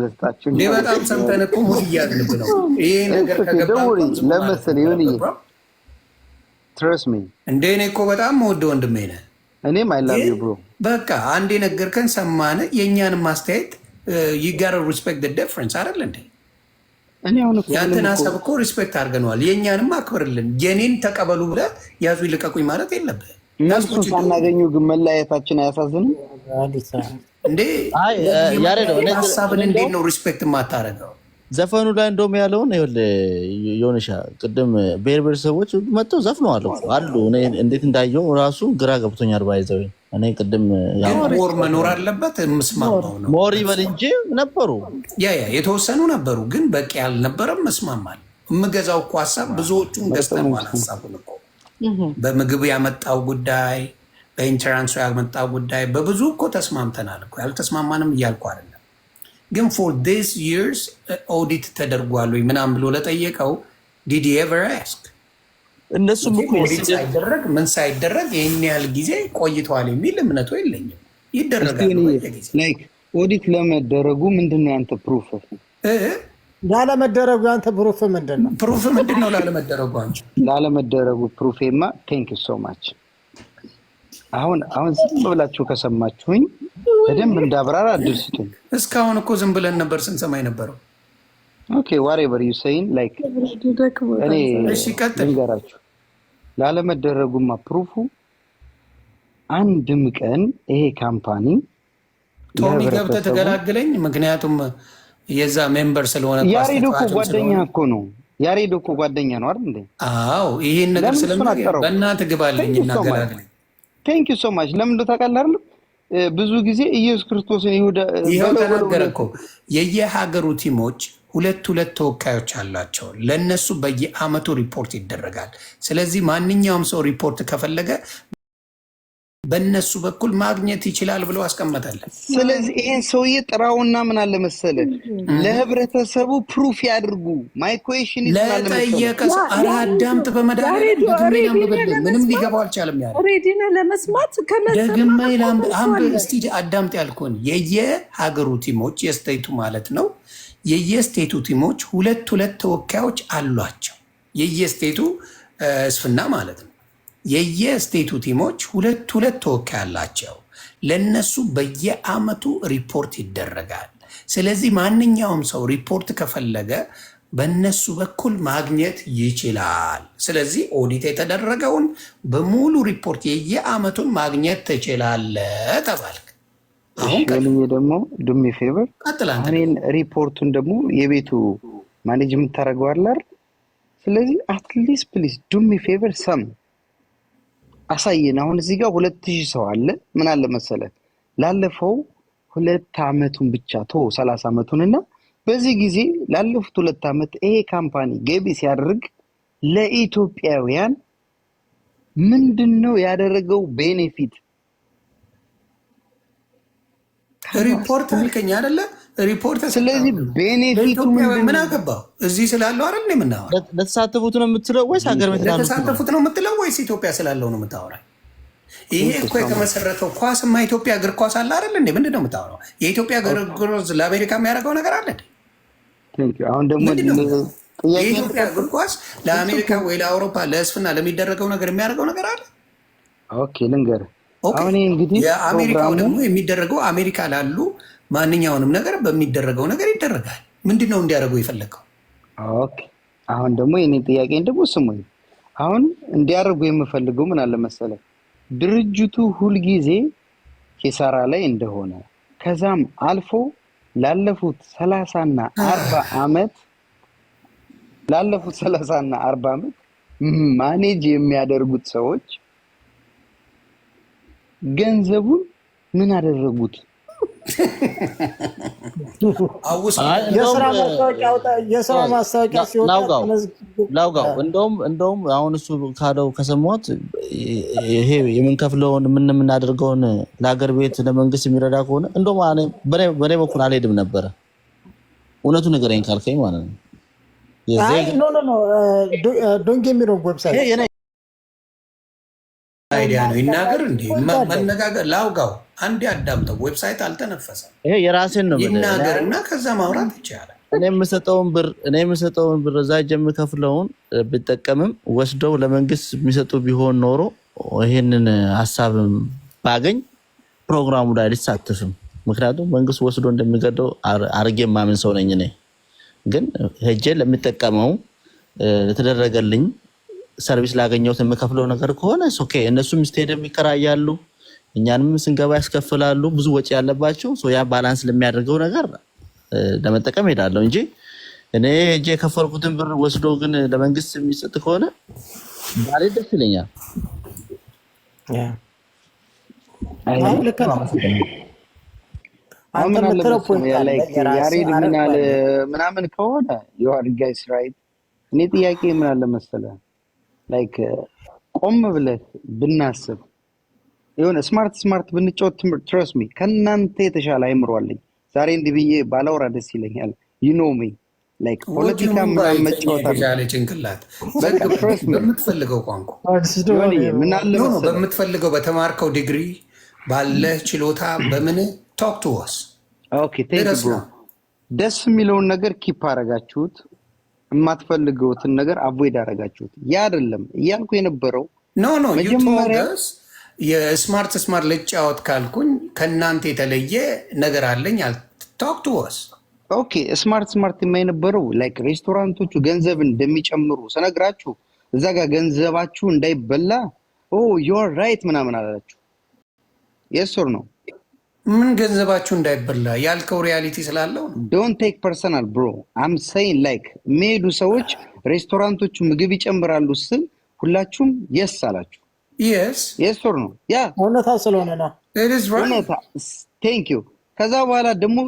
በጣም ሰምተን እኮ ሙድ እያልንብ ነው። ይሄ ነገር እንደ እኔ እኮ በጣም መወደ ወንድሜ ነህ። እኔም በቃ አንድ የነገርከን ሰማነ። ማስተያየት ሪስፔክት ዲፍረንስ አይደል እንዴ? ያንተን ሀሳብ እኮ ሪስፔክት አድርገነዋል። የእኛንም አክብርልን። የኔን ተቀበሉ ብለህ ያዙ ይልቀቁኝ ማለት የለብህ። እነሱን ሳናገኙ ግን መለያየታችን አያሳዝንም? ሀሳብን እንዴት ነው ሪስፔክት የማታደርገው? ዘፈኑ ላይ እንደውም ያለውን ዮንሻ ቅድም ብሔር ብሔረሰቦች መጥተው ዘፍነዋል አሉ። እንዴት እንዳየው ራሱ ግራ ገብቶኛል። ባይዘው እኔ ቅድም ሞር መኖር አለበት የምስማማው ነው። ሞር ይበል እንጂ ነበሩ ያ ያ የተወሰኑ ነበሩ፣ ግን በቂ አልነበረም። መስማማል የምገዛው እኮ ሀሳብ ብዙዎቹን ገዝተነዋል። ሀሳቡን እኮ በምግብ ያመጣው ጉዳይ በኢንሹራንሱ ያመጣ ጉዳይ በብዙ እኮ ተስማምተናል እኮ ያልተስማማንም እያልኩ አይደለም። ግን ፎር ዲስ ይርስ ኦዲት ተደርጓል ወይ ምናምን ብሎ ለጠየቀው ዲዲ ኤቨር አስክ እነሱም ሳይደረግ ምን ሳይደረግ ይህን ያህል ጊዜ ቆይተዋል የሚል እምነቱ የለኝም። ይደረጋል ኦዲት ለመደረጉ ምንድን ነው ያንተ ፕሩፍ? ላለመደረጉ ያንተ ፕሩፍ ምንድን ነው? ፕሩፍ ምንድን ነው ላለመደረጉ? አንቺ ላለመደረጉ ፕሩፌማ ቴንክ ዩ ሶ ማች አሁን አሁን ዝም ብላችሁ ከሰማችሁኝ በደንብ እንዳብራራ እድል ስጡኝ። እስካሁን እኮ ዝም ብለን ነበር ስንሰማ የነበረው። ኦኬ ዋሬቨር ዩሰይን ላይክ እኔ ልንገራችሁ ላለመደረጉማ ፕሩፉ አንድም ቀን ይሄ ካምፓኒ ቶሚ ገብተህ ተገላግለኝ። ምክንያቱም የዛ ሜምበር ስለሆነ ያሬድ እኮ ጓደኛ እኮ ነው። ያሬድ እኮ ጓደኛ ነው አይደል? አዎ ይሄን ነገር ስለምናገር በእናትህ ግባልኝ እናገላግለኝ ቴንክ ዩ ሶ ማች ለምን ታውቃለህ ብዙ ጊዜ ኢየሱስ ክርስቶስን ይሁዳ ይኸው ተናገረ እኮ የየሀገሩ ቲሞች ሁለት ሁለት ተወካዮች አላቸው። ለእነሱ በየአመቱ ሪፖርት ይደረጋል። ስለዚህ ማንኛውም ሰው ሪፖርት ከፈለገ በእነሱ በኩል ማግኘት ይችላል ብሎ አስቀመጠለን። ስለዚህ ይህን ሰውዬ ጥራውና ምን አለ መሰለህ ለህብረተሰቡ ፕሩፍ ያድርጉ። ማይኮሽን ኩዌሽን ለጠየቀ ኧረ አዳምጥ፣ ሊገባው አልቻለም። ያ ሬዲነ ለመስማት ደግሜ አንብ እስቲ አዳምጥ ያልኩህን የየሀገሩ ቲሞች የስቴቱ ማለት ነው። የየስቴቱ ቲሞች ሁለት ሁለት ተወካዮች አሏቸው። የየስቴቱ እስፍና ማለት ነው የየስቴቱ ቲሞች ሁለት ሁለት ተወካይ አላቸው። ለነሱ በየአመቱ ሪፖርት ይደረጋል። ስለዚህ ማንኛውም ሰው ሪፖርት ከፈለገ በነሱ በኩል ማግኘት ይችላል። ስለዚህ ኦዲት የተደረገውን በሙሉ ሪፖርት የየአመቱን ማግኘት ትችላለ ተባልክ። አሁን ደግሞ ዱሜ ፌቨር እኔን ሪፖርቱን ደግሞ የቤቱ ማኔጅ የምታደርገው አላር። ስለዚህ አትሊስት ፕሊስ ዱሜ ፌቨር ሰም አሳየን። አሁን እዚህ ጋር ሁለት ሺህ ሰው አለ። ምን አለ መሰለ ላለፈው ሁለት አመቱን ብቻ ቶ ሰላሳ አመቱን እና በዚህ ጊዜ ላለፉት ሁለት አመት ይሄ ካምፓኒ ገቢ ሲያደርግ ለኢትዮጵያውያን ምንድን ነው ያደረገው ቤኔፊት ሪፖርት ልከኝ አይደለ? ሪፖርት ስለዚህ ቤኔፊቱ ምን አገባ? እዚህ ስላለው አይደል የምናወራ? ለተሳተፉት ነው የምትለው ወይስ ሀገር ለተሳተፉት ነው የምትለው ወይስ ኢትዮጵያ ስላለው ነው የምታወራ? ይሄ እኮ የተመሰረተው ኳስማ ኢትዮጵያ እግር ኳስ አለ አይደል እንዴ? ምንድን ነው የምታወራው? የኢትዮጵያ እግር ኳስ ለአሜሪካ የሚያደርገው ነገር አለ? አሁን ደግሞ የኢትዮጵያ እግር ኳስ ለአሜሪካ ወይ ለአውሮፓ ለእስፍና ለሚደረገው ነገር የሚያደርገው ነገር አለ? ኦኬ ልንገርህ የአሜሪካው ደግሞ የሚደረገው አሜሪካ ላሉ ማንኛውንም ነገር በሚደረገው ነገር ይደረጋል። ምንድን ነው እንዲያደርገው የፈለገው? አሁን ደግሞ የኔ ጥያቄ ደግሞ ስሙ። አሁን እንዲያደርጉ የምፈልገው ምን አለ መሰለህ፣ ድርጅቱ ሁልጊዜ ኪሳራ ላይ እንደሆነ ከዛም አልፎ ላለፉት ሰላሳና አርባ ዓመት ላለፉት ሰላሳና አርባ ዓመት ማኔጅ የሚያደርጉት ሰዎች ገንዘቡን ምን አደረጉት? የስራ ማስታወቂያ ሲወጣላውጋው እንደውም እንደውም አሁን እሱ ካለው ከሰማሁት ይሄ የምንከፍለውን ምን የምናደርገውን ለሀገር ቤት ለመንግስት የሚረዳ ከሆነ እንደውም በኔ በኩል አልሄድም ነበረ። እውነቱ ንገረኝ ካልከኝ ማለት ነው። ዶንጌ የሚለው ዌብሳይት አይዲያ ነው ይናገር እንዲ መነጋገር ላውጋው አንዴ አዳምጠው ዌብሳይት አልተነፈሰም ይሄ የራሴን ነው ይናገር እና ከዛ ማውራት ይቻላል እኔ የምሰጠውን ብር እኔ የምሰጠውን ብር እዛ የምከፍለውን ብጠቀምም ወስደው ለመንግስት የሚሰጡ ቢሆን ኖሮ ይህንን ሀሳብም ባገኝ ፕሮግራሙ ላይ አልሳተፍም ምክንያቱም መንግስት ወስዶ እንደሚገደው አርጌ ማምን ሰው ነኝ እኔ ግን ሄጄ ለሚጠቀመው ለተደረገልኝ ሰርቪስ ላገኘሁት የምከፍለው ነገር ከሆነ ኦኬ፣ እነሱም ስቴዲየም ይከራያሉ፣ እኛንም ስንገባ ያስከፍላሉ። ብዙ ወጪ ያለባቸው ያ ባላንስ ለሚያደርገው ነገር ለመጠቀም ሄዳለሁ እንጂ እኔ እጄ የከፈልኩትን ብር ወስዶ ግን ለመንግስት የሚሰጥ ከሆነ ባሌ ደስ ይለኛል። ምናምን ከሆነ የዋድጋ ስራይት እኔ ጥያቄ ምን አለ መሰለህ ላይክ ቆም ብለህ ብናስብ የሆነ ስማርት ስማርት ብንጫወት ትረስ ሚ ከእናንተ የተሻለ አይምሮ አለኝ። ዛሬ እንዲህ ብዬ ባላውራ ደስ ይለኛል። ዩኖ ሚ ላይክ ፖለቲካ ምናምን መጫወት አለ ጭንቅላት በምትፈልገው ቋንቋ በምትፈልገው በተማርከው ዲግሪ ባለህ ችሎታ በምን ቶክ ቱ ወስ ደስ የሚለውን ነገር ኪፕ አረጋችሁት። የማትፈልገውትን ነገር አቮይድ አረጋችሁት። ያ አይደለም እያልኩ የነበረው ኖ ኖ መጀመሪያ የስማርት ስማርት ልጫወት ካልኩኝ ከእናንተ የተለየ ነገር አለኝ ታክ ቱ ኦኬ። ስማርት ስማርት የማይነበረው ላይክ ሬስቶራንቶቹ ገንዘብ እንደሚጨምሩ ስነግራችሁ እዛ ጋር ገንዘባችሁ እንዳይበላ ኦ ዮር ራይት ምናምን አላላችሁ። የሱር ነው ምን ገንዘባችሁ እንዳይበላ ያልከው ሪያሊቲ ስላለው ዶን ቴክ ፐርሰናል ብሮ አም ሰይን ላይክ የሚሄዱ ሰዎች ሬስቶራንቶቹ ምግብ ይጨምራሉ ስል ሁላችሁም የስ አላችሁ። የስ የስ ነው ያ እውነታ ስለሆነ ነው። ቴንክ ዩ። ከዛ በኋላ ደግሞ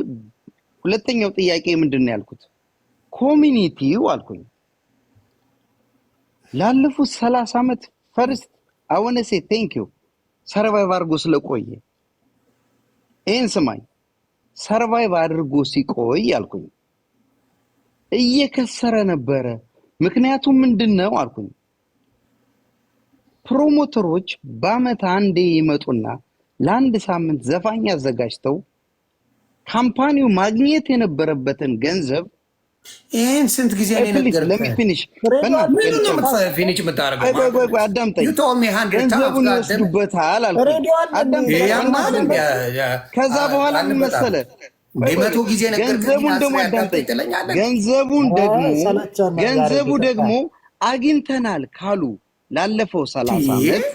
ሁለተኛው ጥያቄ ምንድን ነው ያልኩት፣ ኮሚኒቲው አልኩኝ ላለፉት ሰላሳ ዓመት ፈርስት አወነሴ ቴንክ ዩ ሰርቫይቭ አድርጎ ስለቆየ ይህን ስማኝ፣ ሰርቫይቭ አድርጎ ሲቆይ አልኩኝ እየከሰረ ነበረ። ምክንያቱም ምንድን ነው አልኩኝ፣ ፕሮሞተሮች በአመት አንዴ ይመጡና ለአንድ ሳምንት ዘፋኝ አዘጋጅተው ካምፓኒው ማግኘት የነበረበትን ገንዘብ ይህን ስንት ጊዜ ፊኒሽ የምታደርገው ገንዘቡን ይወስዱበታል አልኩህ። ከዛ በኋላ ምን መሰለህ መቶ ገንዘቡን ደግሞ አዳምጠኝ። ገንዘቡን ደግሞ ገንዘቡ ደግሞ አግኝተናል ካሉ ላለፈው ሰላሳ ዓመት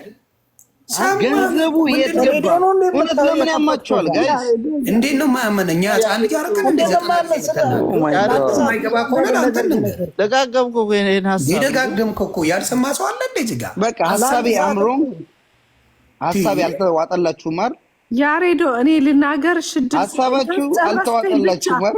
ገንዘቡ የት ገባ? ያማቸዋል? እንዴት ነው ማያመን? እኛ oh ደጋገምኩ እኮ ያልሰማ ሰው አለ እንዴ? በቃ ሀሳቤ ሀሳቤ ያሬዶ እኔ ልናገር ሽድ ሀሳባችሁ አልተዋጠላችሁ ማር